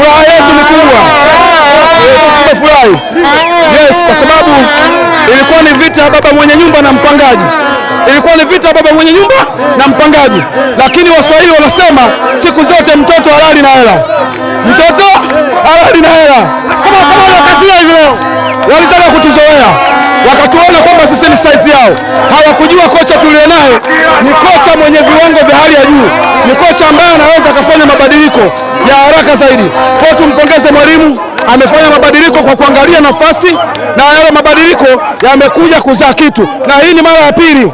Furaha yetu ni kubwa, tumefurahi yes, kwa sababu ilikuwa ni vita baba mwenye nyumba na mpangaji, ilikuwa ni vita baba mwenye nyumba na mpangaji. Lakini Waswahili wanasema siku zote mtoto halali na hela, mtoto halali na hela. Kama kama wakazia hivi leo, walitaka yaani kutuzoea wakatuona kwamba sisi ni size yao. Hawakujua kocha tulio naye ni kocha mwenye viwango vya hali ya juu, ni kocha ambaye anaweza akafanya mabadiliko ya haraka zaidi. Kwa tumpongeze mwalimu amefanya mabadiliko kwa kuangalia nafasi na yale mabadiliko yamekuja kuzaa kitu, na hii ni mara ya pili.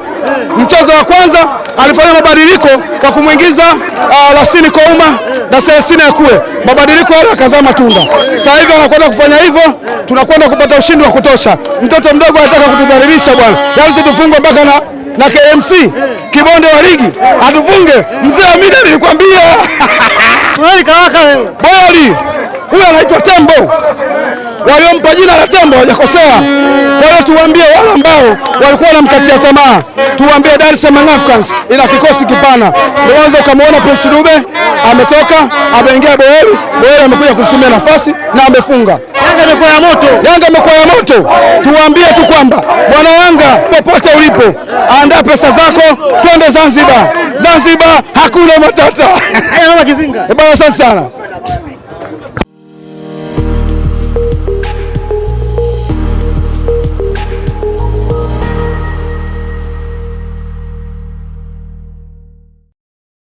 Mchezo wa kwanza alifanya mabadiliko kwa kumwingiza uh, Lasini Kouma na selesini Akue, mabadiliko yale akazaa matunda. Sasa hivi anakwenda kufanya hivyo, tunakwenda kupata ushindi wa kutosha. Mtoto mdogo anataka kutudhalilisha bwana, yasi tufungwe mpaka na, na KMC kibonde wa ligi atufunge. Mzee Amida, nilikwambia boli huyo anaitwa tembo. Waliompa jina la tembo hawajakosea. Kwa hiyo tuwaambie wale ambao walikuwa wanamkatia tamaa, tuwaambie Dar es Salaam Africans ina kikosi kipana. Mwanzo ukamwona Prince Dube ametoka, ameingia Boeli, Boeli amekuja kutumia nafasi na amefunga. Yanga imekuwa ya moto, Yanga imekuwa ya moto. Tuwaambie tu kwamba bwana Yanga, popote ulipo, andaa pesa zako, twende Zanzibar. Zanzibar hakuna matata. Eh, bwana, asante sana.